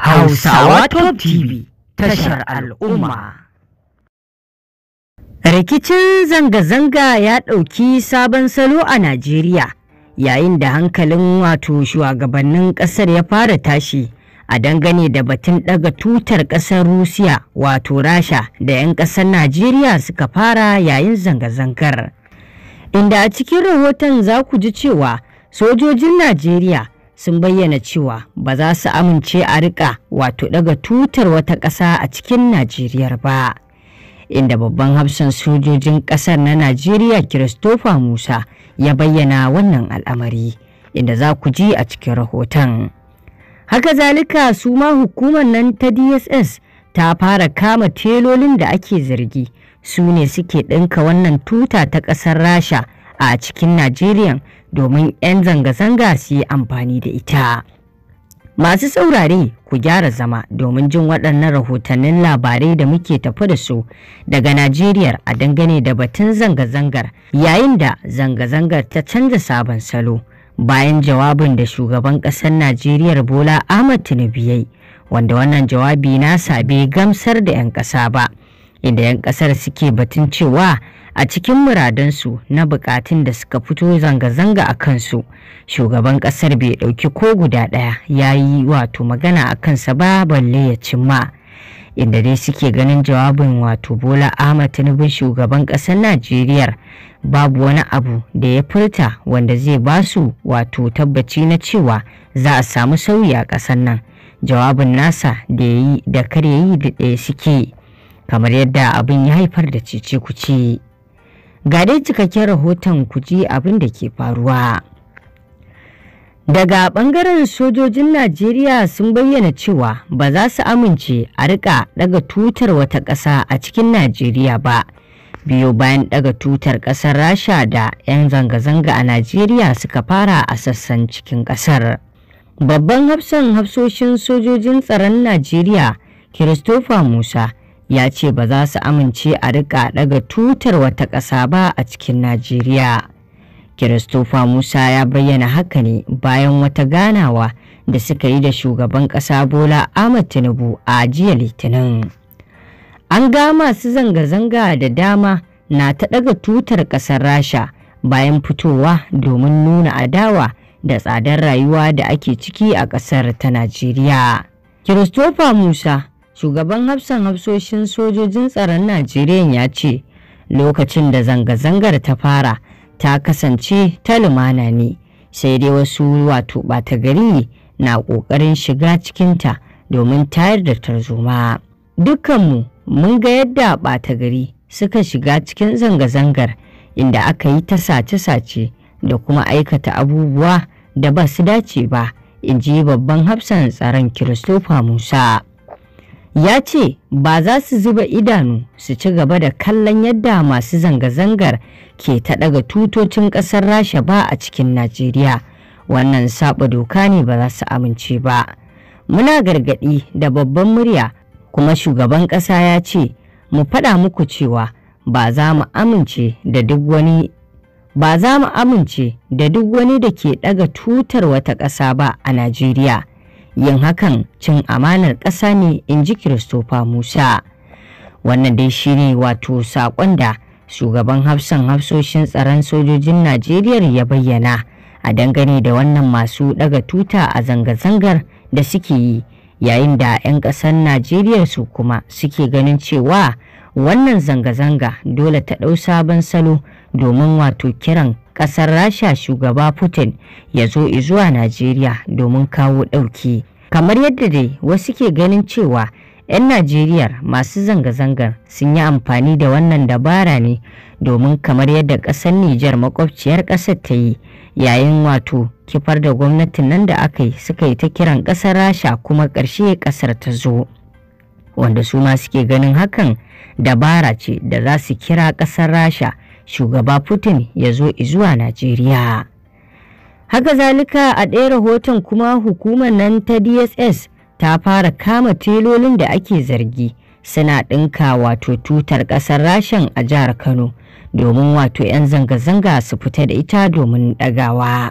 Hausawa Top TV tashar al'umma. Rikicin zanga-zanga ya ɗauki sabon salo a Najeriya yayin da hankalin wato shugabannin ƙasar ya fara tashi a dangane da batun ɗaga tutar ƙasar Rusiya wato Rasha da 'yan ƙasar Najeriya suka fara yayin zanga-zangar. Inda a cikin rahoton za ku ji cewa sojojin Najeriya sun bayyana cewa ba za su amince a rika wato daga tutar wata ƙasa a cikin Najeriya ba. Inda babban hafsan sojojin ƙasar na Najeriya Christopher Musa ya bayyana wannan al'amari inda za ku ji a cikin rahoton. Haka zalika su ma hukumar nan ta DSS ta fara kama telolin da ake zargi su ne suke ɗinka wannan tuta ta ƙasar Rasha. a cikin Najeriya domin 'yan zanga-zanga su yi amfani da ita. Masu saurare ku gyara zama domin jin waɗannan rahotannin labarai da muke tafi da su daga Najeriya a dangane da batun zanga-zangar yayin da zanga-zangar ta canza sabon salo bayan jawabin da shugaban ƙasar Najeriya Bola Ahmad Tinubu yayi wanda wannan jawabi na sabe gamsar da 'yan ƙasa ba. inda 'yan kasar suke batun cewa a cikin muradansu na bukatun da suka fito zanga-zanga a kansu shugaban kasar bai dauki ko guda daya ya yi wato magana a kansa ba balle ya cimma inda dai suke ganin jawabin wato bola ahmad tinubin shugaban kasar najeriya babu wani abu da ya furta wanda zai ba su wato tabbaci na cewa za a samu sauyi a kasar nan jawabin nasa da ya yi da kar ya yi da ɗaya suke kamar yadda abin ya haifar da cece ku ga dai cikakken rahoton ku kuji abin da ke faruwa daga bangaren sojojin najeriya sun bayyana cewa ba za su amince a rika daga tutar wata ƙasa a cikin najeriya ba biyo bayan daga tutar ƙasar rasha da 'yan zanga-zanga a najeriya suka fara a sassan cikin ƙasar babban hafsan hafsoshin sojojin tsaron najeriya christopher musa ya ce ba za su amince a rika daga tutar wata ƙasa ba a cikin Najeriya. Kiristofa Musa ya bayyana haka ne bayan wata ganawa da suka yi da shugaban ƙasa Bola Amad Tinubu a jiya Litinin. An ga masu zanga-zanga da dama na ta ɗaga tutar ƙasar Rasha bayan fitowa domin nuna adawa da tsadar rayuwa da ake ciki a ƙasar ta Najeriya. Kiristofa Musa shugaban hafsan hafsoshin sojojin tsaron najeriya ya ce lokacin da zanga-zangar ta fara ta kasance ta lumana ne sai dai wasu wato ɓatagari gari na ƙoƙarin shiga cikinta domin tayar da tarzoma dukkanmu mun ga yadda ɓata gari suka shiga cikin zanga-zangar inda aka yi ta sace-sace da kuma aikata abubuwa da ba su dace ba in ji babban hafsan tsaron Kiristofa Musa. ya ce ba za su zuba idanu su ci gaba da kallon yadda masu zanga-zangar ke ta daga tutocin ƙasar rasha ba a cikin najeriya wannan saba doka ne ba za su amince ba muna gargadi da babban murya kuma shugaban ƙasa ya ce mu faɗa muku cewa ba za mu amince da duk wani ba za mu amince da duk wani da ke ɗaga tutar wata ƙasa ba a najeriya yin hakan cin amanar ƙasa ne in ji Christopher Musa. Wannan dai shi ne wato saƙon da shugaban hafsan hafsoshin tsaron sojojin Najeriya ya bayyana a dangane da wannan masu ɗaga tuta a zanga-zangar da suke yi yayin da 'yan ƙasar Najeriya su kuma suke ganin cewa wannan zanga-zanga dole ta ɗau sabon salo domin wato kiran kasar rasha shugaba putin ya zo zuwa najeriya domin kawo ɗauki kamar yadda dai wasu ke ganin cewa 'yan najeriya masu zanga-zangar sun yi amfani da wannan dabara ne domin kamar yadda ƙasar nijar makwabciyar ƙasar ta yi yayin wato kifar da gwamnatin nan da aka yi suka yi ta kiran ƙasar rasha kuma ƙarshe ƙasar ta zo wanda su ma suke ganin hakan dabara ce da za su kira ƙasar rasha shugaba Putin ya zo zuwa Najeriya. Haka zalika a ɗaya rahoton kuma hukumar nan ta DSS ta fara kama telolin da ake zargi suna ɗinka wato tutar ƙasar rashin a jihar Kano domin wato 'yan zanga-zanga su fita da ita domin ɗagawa.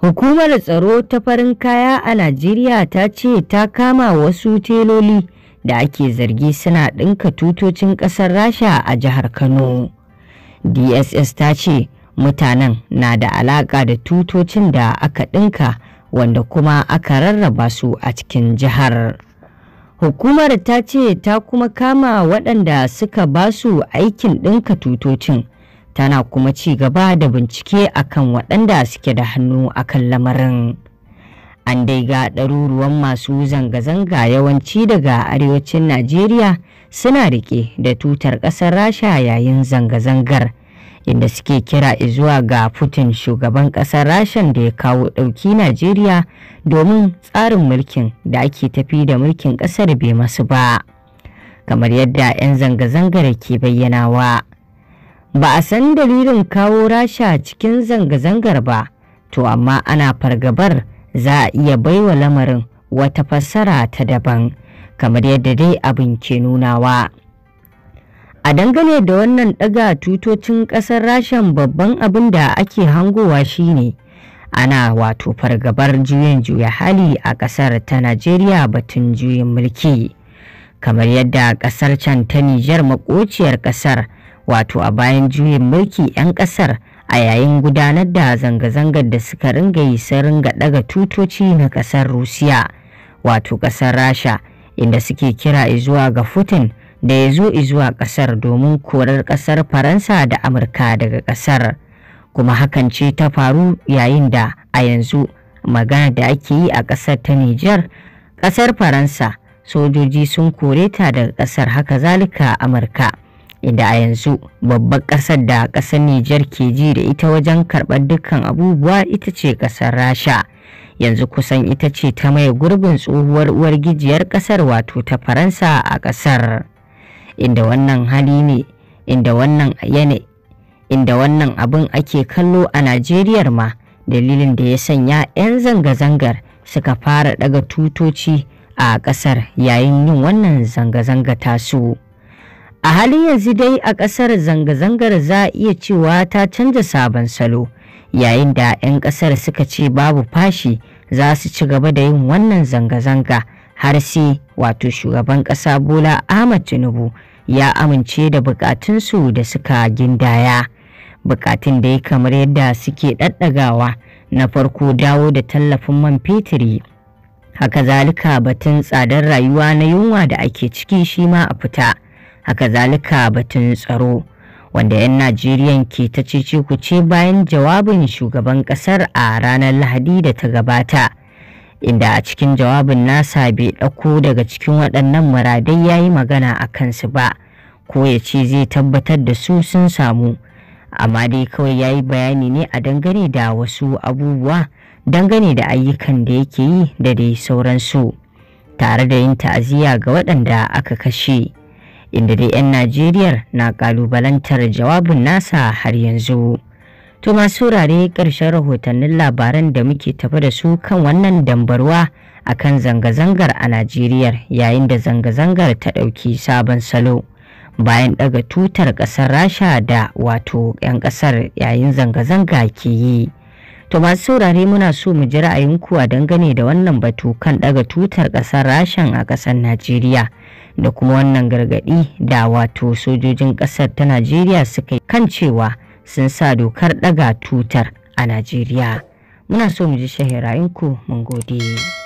Hukumar tsaro ta farin kaya a Najeriya ta ce ta kama wasu teloli da ake zargi suna ɗinka tutocin ƙasar Rasha a jihar Kano. dss ta ce mutanen na da alaka da tutocin da aka ɗinka wanda kuma aka rarraba su a cikin jihar hukumar ta ce ta kuma kama waɗanda suka ba su aikin ɗinka tutocin tana kuma ci gaba da bincike akan waɗanda suke da hannu akan lamarin. an dai ga ɗaruruwan masu zanga-zanga yawanci daga arewacin najeriya suna rike da tutar ƙasar rasha yayin zanga-zangar inda suke kira zuwa ga putin shugaban ƙasar rashan da ya kawo ɗauki najeriya domin tsarin mulkin da ake tafi da mulkin ƙasar bai masu ba kamar yadda 'yan zanga-zangar ke bayyanawa ba a san dalilin kawo rasha cikin zanga-zangar ba to amma ana fargabar za a iya baiwa lamarin wata fassara ta daban kamar yadda dai abin ke nunawa. A dangane da wannan ɗaga tutocin ƙasar rashin babban abin da ake hangowa shine ana wato fargabar juyin juya hali a ƙasar ta Najeriya batun juyin mulki. Kamar yadda ƙasar can ta Nijar makociyar ƙasar wato a bayan juyin mulki 'yan ƙasar a yayin gudanar da zanga-zangar da suka ringa yi sun ringa daga tutoci na kasar rusiya wato kasar rasha inda suke kira zuwa ga putin da ya zo zuwa kasar domin korar kasar faransa da amurka daga kasar kuma hakan ce ta faru yayin da a yanzu magana da ake yi a kasar ta nijar kasar faransa sojoji sun kore ta daga kasar haka zalika amurka inda a yanzu babbar ƙasar da ƙasar Nijar ke ji da ita wajen karɓar dukkan abubuwa ita ce ƙasar Rasha. Yanzu kusan ita ce ta mai gurbin tsohuwar uwargijiyar ƙasar wato ta Faransa a ƙasar. Inda wannan hali ne, inda wannan yana, inda wannan abin ake kallo a Najeriyar ma dalilin da ya sanya 'yan zanga-zangar suka fara daga tutoci a ƙasar yayin yin wannan zanga-zanga tasu. A halin yanzu dai a ƙasar zanga-zangar za a iya cewa ta canza sabon salo, yayin da 'yan ƙasar suka ce babu fashi za su ci gaba da yin wannan zanga-zanga har sai wato shugaban ƙasa Bola Ahmad Tinubu ya amince da bukatunsu da suka gindaya. Bukatun dai kamar yadda suke ɗaɗɗagawa na farko dawo da tallafin man fetiri. Haka zalika batun tsadar rayuwa na yunwa da ake ciki shi ma a fita. haka zalika batun tsaro wanda 'yan najeriya ke ta cece kuce bayan jawabin shugaban kasar a ranar Lahadi da ta gabata. Inda a cikin jawabin nasa bai ɗauko daga cikin waɗannan muradai ya yi magana a kansu ba, ko ya ce zai tabbatar da su sun samu. Amma dai kawai ya yi bayani ne a dangane da wasu abubuwa dangane da ayyukan da yake yi da dai sauransu, tare da yin ta'aziyya ga waɗanda aka kashe. inda dai 'yan Najeriya na kalubalantar jawabin nasa har yanzu. To masu rare ƙarshen rahotannin labaran da muke tafi da su kan wannan dambarwa a kan zanga-zangar a Najeriya yayin da zanga-zangar ta ɗauki sabon salo. Bayan ɗaga tutar ƙasar Rasha da wato 'yan ƙasar yayin zanga-zanga ke yi. To masu saurare muna so mu ji ra'ayin ku a dangane da wannan batu kan daga tutar ƙasar Rashan a ƙasar Najeriya da kuma wannan gargadi da wato sojojin ƙasar ta Najeriya suka kan cewa sun sa dokar daga tutar a Najeriya. Muna so mu ji shahararrinku mun gode.